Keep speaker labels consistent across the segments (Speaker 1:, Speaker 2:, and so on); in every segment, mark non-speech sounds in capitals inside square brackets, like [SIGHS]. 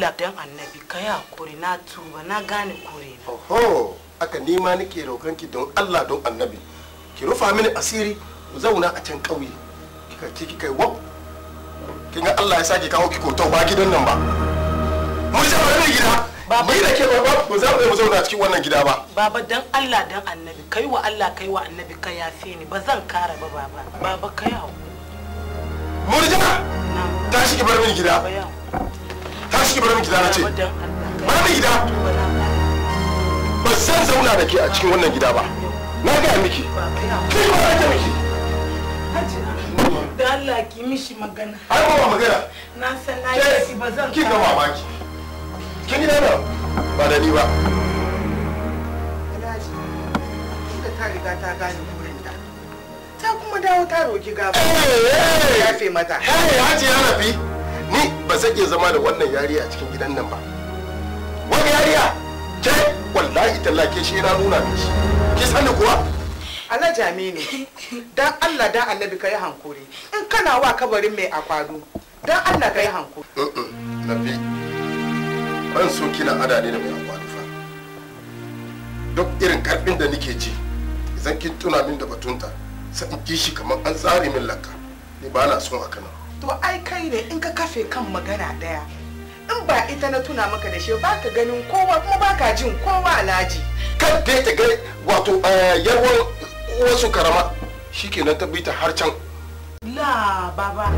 Speaker 1: Allah dan annabi ka ya kore na tuba na gane kore oho aka nima nake rokan ki don Allah don annabi ki rufa mini asiri mu zauna a can ƙauye kika ki kika yi wop kin ga Allah ya sake kawo ki kotau ba gidan nan ba mu je mu gida ba ni da ke ba mu zauna mu zauna cikin wannan gida ba baba
Speaker 2: dan Allah dan annabi kai wa Allah kai wa annabi ka yafe ni ba zan kara ba baba baba kai hawo murjana tashi ki bar
Speaker 1: mini gida tashi ki bar min gida na ce bar gida ba zan zauna da ke a cikin wannan gida ba na gaya miki ki ba
Speaker 2: ta miki da Allah ki mishi magana
Speaker 1: ai ba magana na san na yi ba zan ki ga mamaki kin gida na ba da ni ba
Speaker 2: ta riga ta gane burinta ta kuma dawo ta roki gaba ya fe mata hey hajiya
Speaker 1: rafi ni ba zan iya zama da wannan yariya a cikin gidan nan ba wani yariya ke wallahi tallake shi na nuna min shi ki sani kuwa
Speaker 2: alhaji aminu dan allah dan annabi ka yi hankuri in kana wa kabarin mai akwado dan allah ka yi hankuri
Speaker 1: nabi ban so kina ada ne da mai akwado fa duk irin karfin da nike ji idan kin tuna min da batunta sai in kishi kamar an tsare min lakka ni ba na son haka nan
Speaker 2: to ai kai ne in ka kafe kan magana daya in ba ita na tuna maka da shi ba ka ganin kowa kuma ba ka jin kowa alhaji
Speaker 1: kan da ta ga wato eh, yarwar wasu karama shike na tabbita har can
Speaker 2: la baba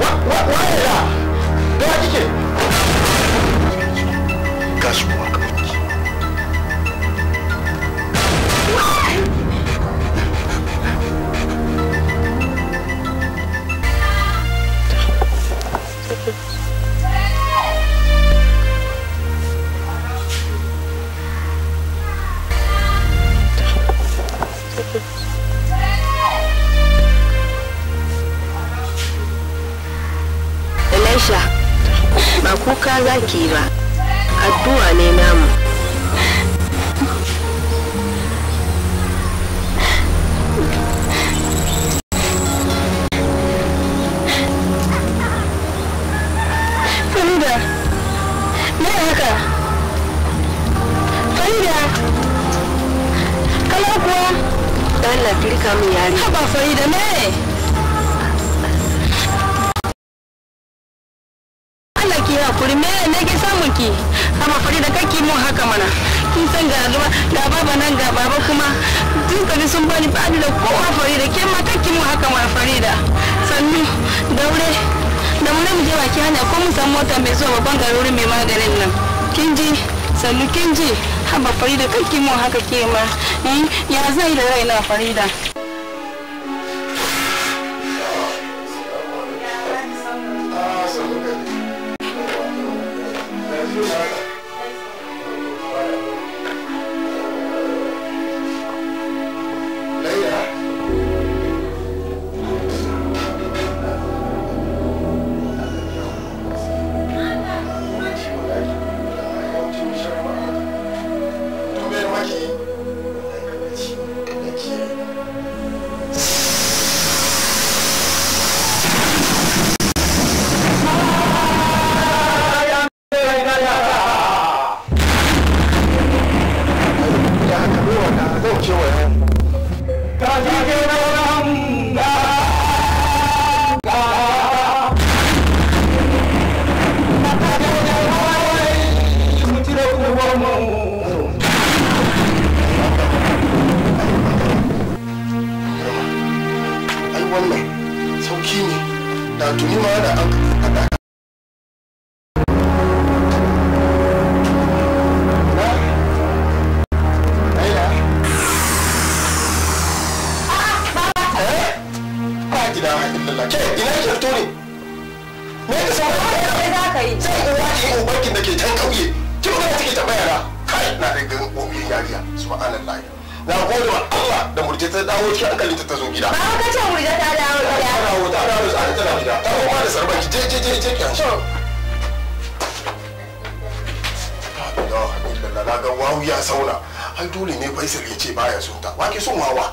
Speaker 2: wa wa
Speaker 1: da kike gashi kuma za ki yi ba addu'a ne namu
Speaker 3: kake amma fari da kake mun
Speaker 2: haka mana kin san ga ga baba nan ga baba kuma tun kani sun bani fadi da kowa fari da ke ma kake mun haka mana fari da sannu daure da mu mu je baki hanya ko mu san mota mai zuwa babban garurin mai maganin nan kin ji sannu kin ji haba fari da kake mun haka ke ma hmm, ya zai da raina da
Speaker 1: ilaha illallah ke ina ki fito ne me ka san barkin da ke can kauye ta bayana na da gan na Allah da ta ta gida ka ta dawo ta gida ta koma da je je je na ga wawu ya sauna ai dole ne faisal ya ce baya sunta wake son hawa.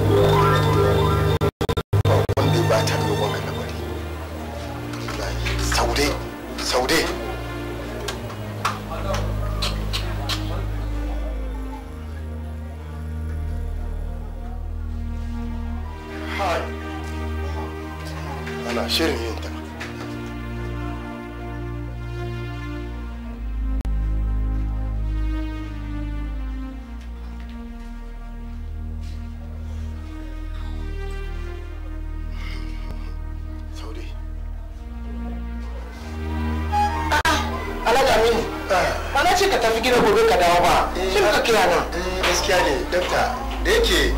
Speaker 1: ba na ce ka tafi gida gobe ka dawo ba eh, shi ka kira na eh, gaskiya ne dokta da yake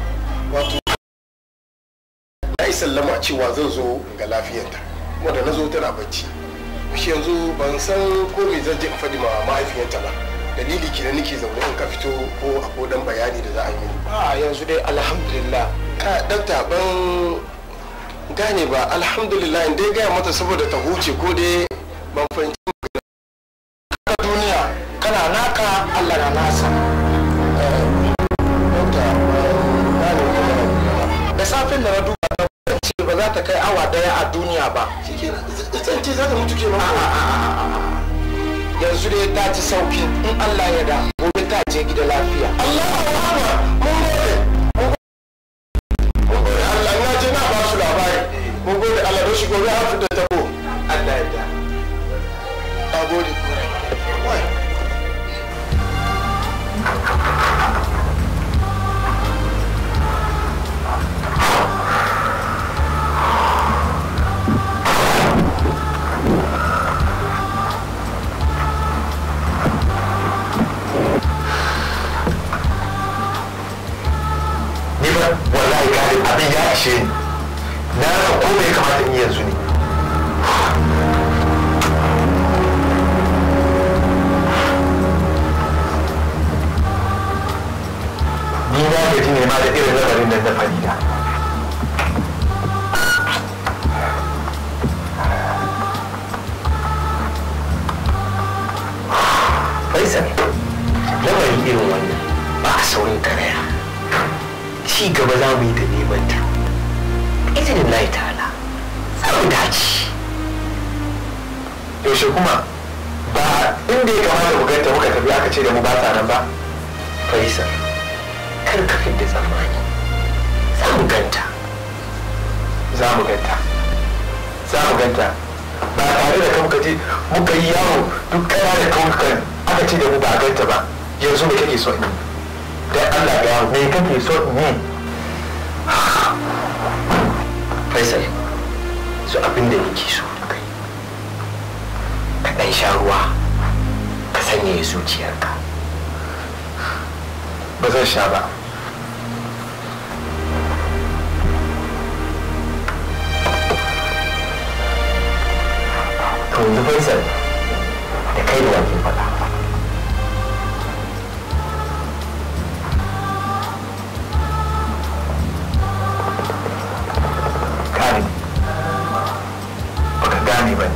Speaker 1: wato na yi sallama cewa zan zo ga lafiyarta kuma da na zo tana bacci shi yanzu ban san ko me zan je in faɗi ma mahaifiyarta ba dalili ke nake zaune in ka fito ko a dan bayani da za a yi a yanzu dai alhamdulillah ka dokta ban gane ba alhamdulillah in dai gaya mata saboda ta huce ko dai ban fahimci kana naka allah na nasa
Speaker 2: da safin da na duba na ce ba za ta kai awa daya a duniya ba ce za ta mutu ke ba yanzu dai ta ci sauki in allah ya da gobe ta je gida lafiya allah ba mun gode
Speaker 1: mun gode allah na je na ba su labari mun gode allah don shi gobe har fita tashe ni na rasa ko ya kamata in yanzu ne ni na ga ne ma da irin lamarin nan na farida Faisal, lamarin irin wannan ba a saurin karaya. Ci gaba za mu yi da neman ta. izinin lai ta'ala samun dace yaushe kuma ba inda ya kamata mu ganta muka tafi aka ce da mu ba ta nan ba faisal kar ka fidda tsammani za mu ganta za mu ganta za mu ganta ba tare da kan kaji muka yi yawo duk kara da kan aka ce da mu ba ganta ba yanzu me kake so in dan Allah ya me kake so in faisal su abin da nake so kai ka ɗan sha ruwa ka sanya zuciyarka ba zan sha ba to yanzu faisal da kai da wake faɗa kare baka gane ba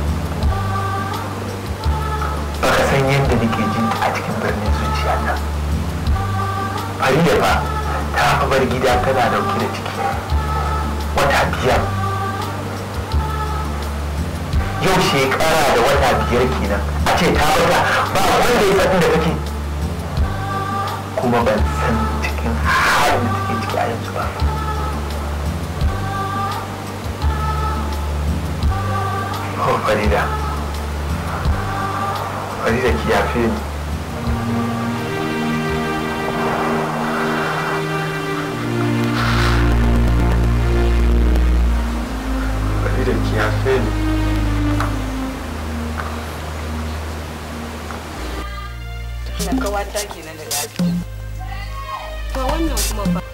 Speaker 1: baka san yadda nake ji a cikin birnin zuciya na farida ta bar gida tana dauke da ciki wata biyar yau shekara da wata biyar kenan a ce ta bata ba wanda ya san da kake
Speaker 3: kuma ban san cikin halin da take ciki a yanzu ba
Speaker 1: kan farida farida ki yafe ni farida ki
Speaker 3: na kawata kenan da lafiya
Speaker 2: to wannan kuma ba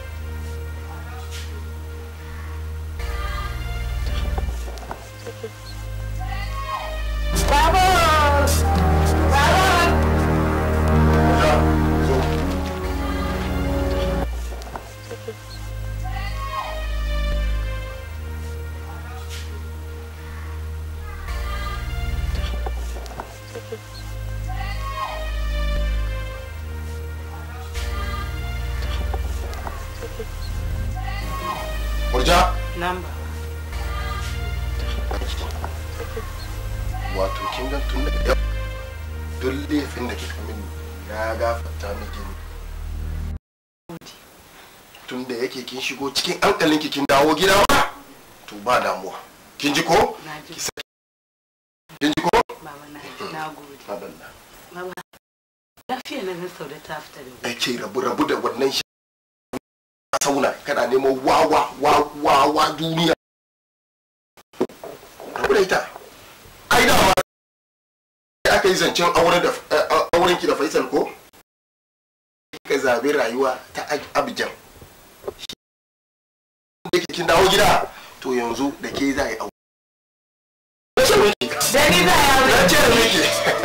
Speaker 1: number wato kin gan tun daga yau duk laifin da kika mini na gafarta miki tun da yake kin shigo cikin hankalin ki kin dawo gida ba to ba damuwa kin ji ko kin ji ko
Speaker 2: baba na mm-hmm. gode baba lafiya na ga sauda ta fita
Speaker 1: da ke rabu rabu da wannan shi. tauna kana neman wawa wawa duniya rabu da ita ai da aka yi zancen eh, auren ki da faisal ko ka zabi rayuwa ta abijan
Speaker 3: da ke kin dawo gida to yanzu da ke za a yi aure da ni za a
Speaker 1: yi aure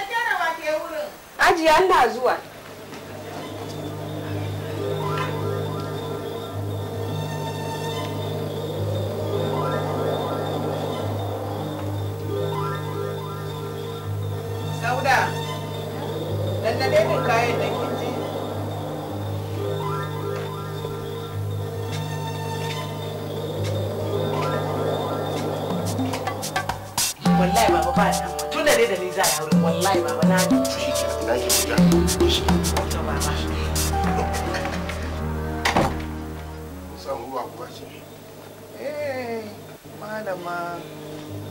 Speaker 2: je wurin. Ajiya zuwa. Sauda, dan na daidin kayan da kin Wallahi ba tun da wallahi baba na ji
Speaker 1: malama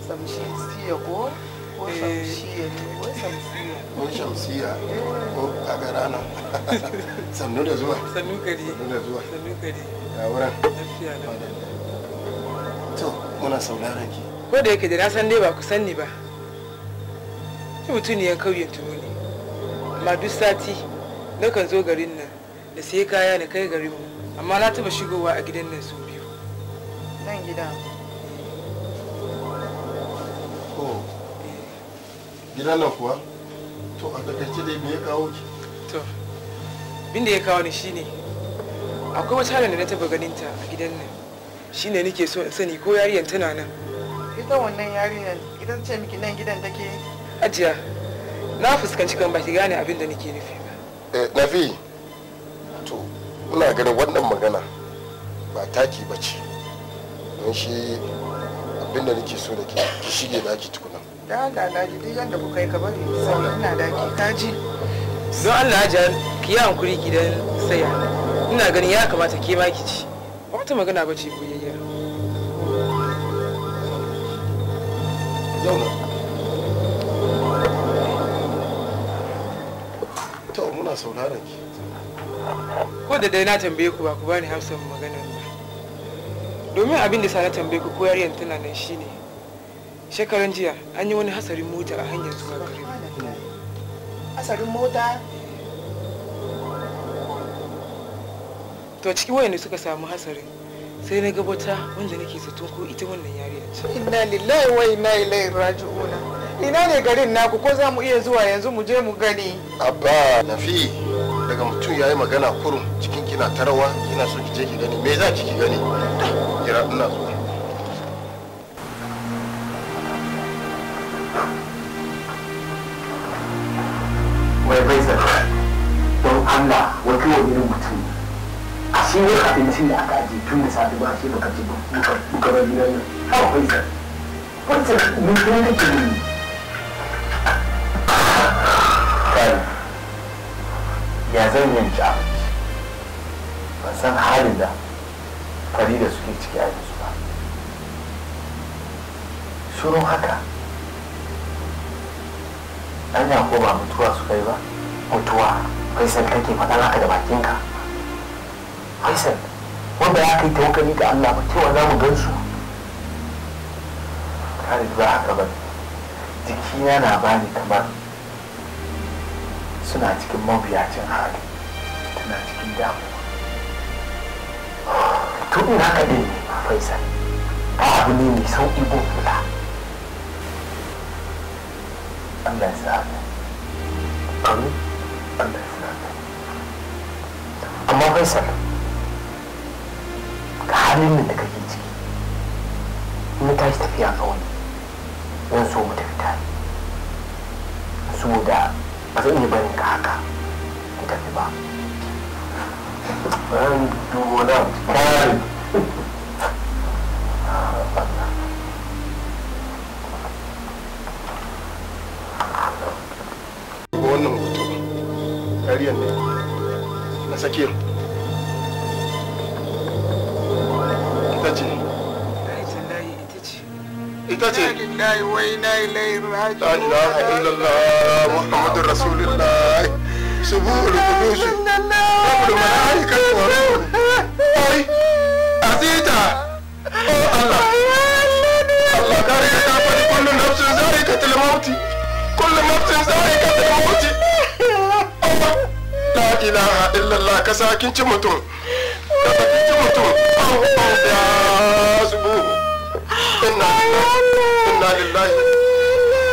Speaker 1: samshi ko ko samshiya ne ko samsiya ko shamsiya ko kaga ranar sannu da zuwa sannu gari da zuwa sannu gari ga wurin lafiya lafiya to muna sauraron ki
Speaker 2: ko da yake da na san dai ba ku sanni ba mutuniyan kauyen tuwo ne amma duk sati na kan zo garin nan da sai kaya na kai garin mu amma na taba shigowa a gidan nan su biyu nan gida
Speaker 1: ko gidan nan kuwa to a takaice dai me ya kawo ki to
Speaker 2: bin da ya kawo ni shine akwai wata halin da na taba ganin ta a gidan nan shine nake so in sani ko yarinyar tana nan ita wannan yarinyar idan ce miki nan gidan
Speaker 1: take ajiya na fuskanci kan baki gane abin da nake nufi ba eh nafi to muna ganin wannan magana ba taki ba ce don shi abin da nake so da ke ki shige daki tukuna da Allah
Speaker 2: na ji duk yanda kuka yi ka bari sai ina daki ka ji don Allah ajiya ki yi hankuri ki dan saya ina ganin ya kamata ke ma ki ci ba wata magana ba ce buyayya
Speaker 1: zauna ina sauraron ki ko da
Speaker 2: dai na tambaye ku ba ku bani hafsan maganar ba domin abin da sa na tambaye ku ko yarinyar tana nan shine shekaran jiya an yi wani hasarin mota a hanyar zuwa gari hasarin mota to cikin wayanda suka samu hasarin sai na gabata wanda nake zato ko ita wannan yariya ce inna lillahi wa inna ilaihi raji'una ina ne garin naku ko za mu iya zuwa yanzu mu je mu gani
Speaker 1: abba nafi daga mutum ya yi magana kurum cikin kina tarawa kina so ki je ki gani me za ki ki gani kira ina so wai bai zai don Allah wai kawai irin mutum a shi ne abincin da aka ajiye tun da safe ba shi baka ci buka bari nan ha bai zara wacce mun kuma kake ne labari ya zan yanci abinci ban san halin da farida suke ciki a yanzu ba shirin haka
Speaker 2: an yi ko ba mutuwa su kai ba mutuwa faisal kake faɗa
Speaker 1: haka da bakinka faisal wanda ya kai tawakali ga allah ba cewa za mu gan su kare ba haka ba jikina na bani kamar suna cikin mabiyacin hali tana cikin damuwa [SIGHS] to in haka dai ne faisal ba abu ne mai sauƙi ko kula Allah ya sa amin Allah ya sa amma faisal ga halin da kake ciki mu tashi tafiya ga wani zan so mu tafi tare saboda ba zan yi barin ka haka ita ba ba ran duwana إليه راجعون لا إله إلا الله محمد رسول الله سبوه القدوس رب الملائكة والروح أي أزيتا أو الله الله دارك تعبني كل نفس ذائقة الموت كل نفس ذائقة الموت لا إله إلا الله كساكن تموتون كساكن تموتون أو أو يا سبوه إنا لله إنا لله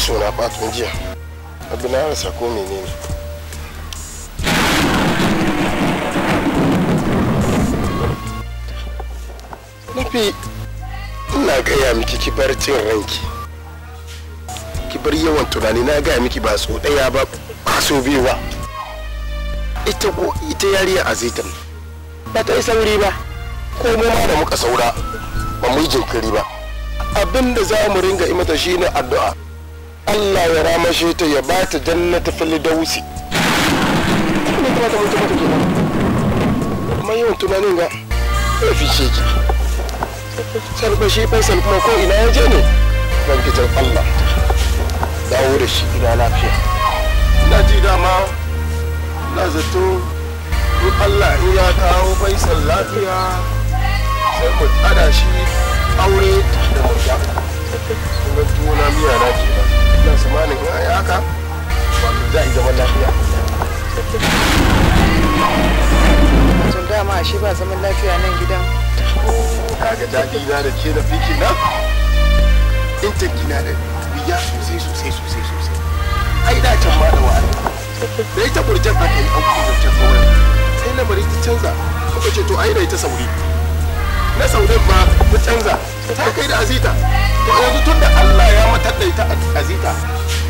Speaker 1: rashin na ɓatun jiya abu na rasa ko menene nufi ina gaya miki kibar cin ranki kibar yawan tunani na gaya miki ba so ɗaya ba ba so biyu ba ita ko ita yariya a zaitan ba ta yi sauri ba ko mu ma da muka saura ba mu yi jinkiri ba abinda za mu ringa imata shine addu'a Allah ya ramashe ta ya ba ta jannata filidausi kuma kuma ta mutu mata kenan kuma yawan tunanin ga ya fice ki sarbashi faisal kuma ko ina ya je ne bankitar Allah dawo da shi ina lafiya na ji dama na zato in Allah in ya kawo faisal lafiya sai ku tsada shi aure da murya. Kun ga tuna za a yi lafiya
Speaker 2: tun dama ashe ba zaman lafiya ne gidan
Speaker 1: kaga daɗi na da da wuya sosai sosai sosai sosai ai da can da ita aka yi sai lamarin ta canza ce to ai da ita sauri na saurin ma ta canza ta kai da azita to yanzu tun da allah ya matar da ita azita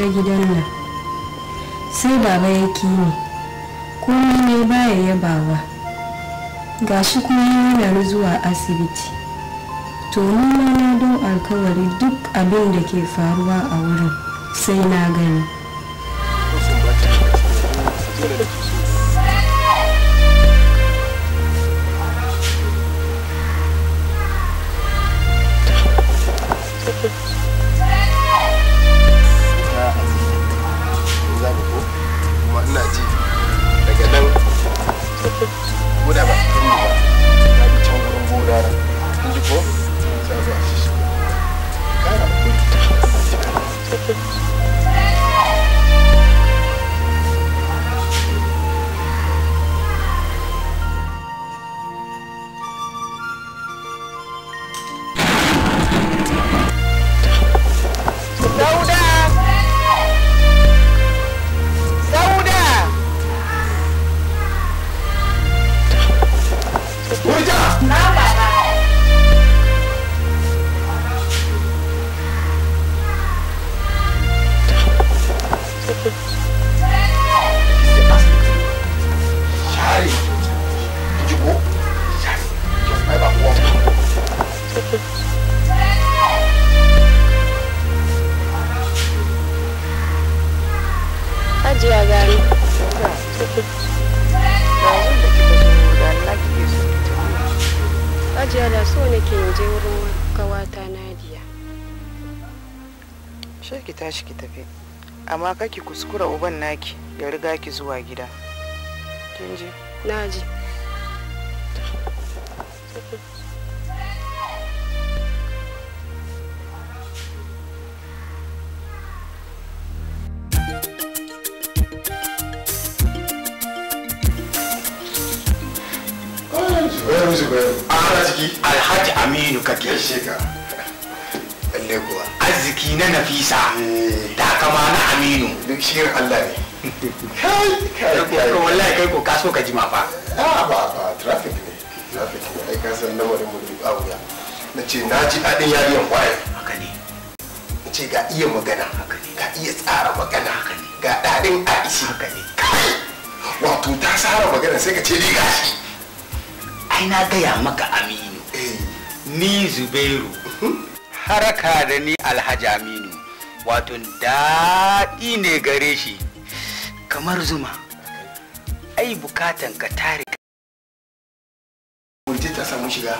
Speaker 2: je gidan nan sai baba ya kini komai ne baya yabawa gashi kuma yana zuwa asibiti
Speaker 3: to nuna na don alkawari duk abin da ke faruwa a wurin sai na gani
Speaker 1: Thank [LAUGHS] you. ma ina ji daga nan guda ba ta yi ba na bi can wurin burara kin ji ko sai zuwa shi shi kara
Speaker 2: amma kake kuskura uban naki ya riga ki zuwa gida kin ji na ji
Speaker 1: Alhaji Aminu kake. Shekara. Lalle kuwa. arziki na nafisa da kama na aminu duk shirin allah ne wallahi kai ko kaso ka jima fa a ba ba traffic ne traffic ne ai kasan wani mu ba wuya na ce na ji daɗin yariyan kwaye haka ne na ce ga iya magana haka ne ga iya tsara magana haka ne ga daɗin aisha haka ne kai wato ta tsara magana sai ka ce ni gashi ai na gaya maka aminu eh. ni zubairu haraka da ni alhaji aminu wato daɗi ne gare shi
Speaker 2: kamar zuma ai bukatan ka tare
Speaker 1: mutum ta samu shiga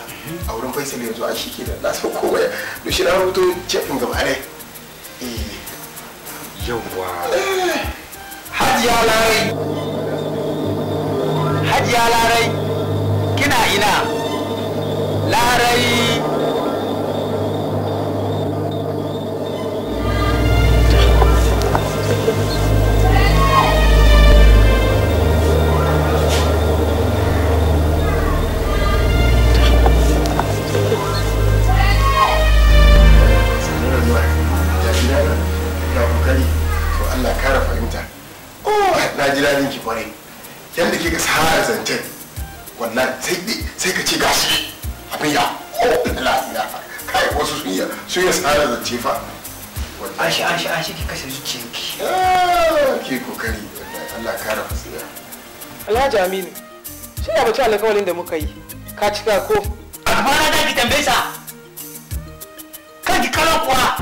Speaker 1: a wurin faisal yanzu a shi ke da na kowa ya da shi na rubuto cekin gaba ne eh. yawwa eh. hajiya larai hajiya larai kina ina larai na ji dadin ki da kika sahara zancen wallahi sai ka ce gashi abin ya ko la ya fa kai wasu sun ya sun ya sahara zance fa an shi an shi an shi ki kashe zuciyarki eh, ki kokari Allah kara fasiya
Speaker 2: Alhaji Aminu shi ya bace alƙawarin da muka yi ka cika ko
Speaker 1: amma na da ki tambaye sa kan ki kala kuwa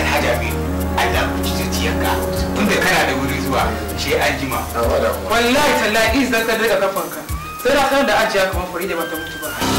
Speaker 1: Alhaji Aminu
Speaker 2: Allah ki zuciyarka tunda kana da wuri zuwa shi an jima wallahi tallahi izan ka daga kafanka sai da kan da ajiya kamar fari da mata mutu ba